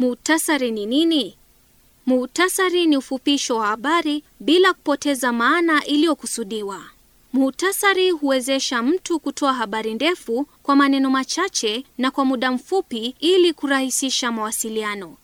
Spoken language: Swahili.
Muhtasari ni nini? Muhtasari ni ufupisho wa habari bila kupoteza maana iliyokusudiwa. Muhtasari huwezesha mtu kutoa habari ndefu kwa maneno machache na kwa muda mfupi ili kurahisisha mawasiliano.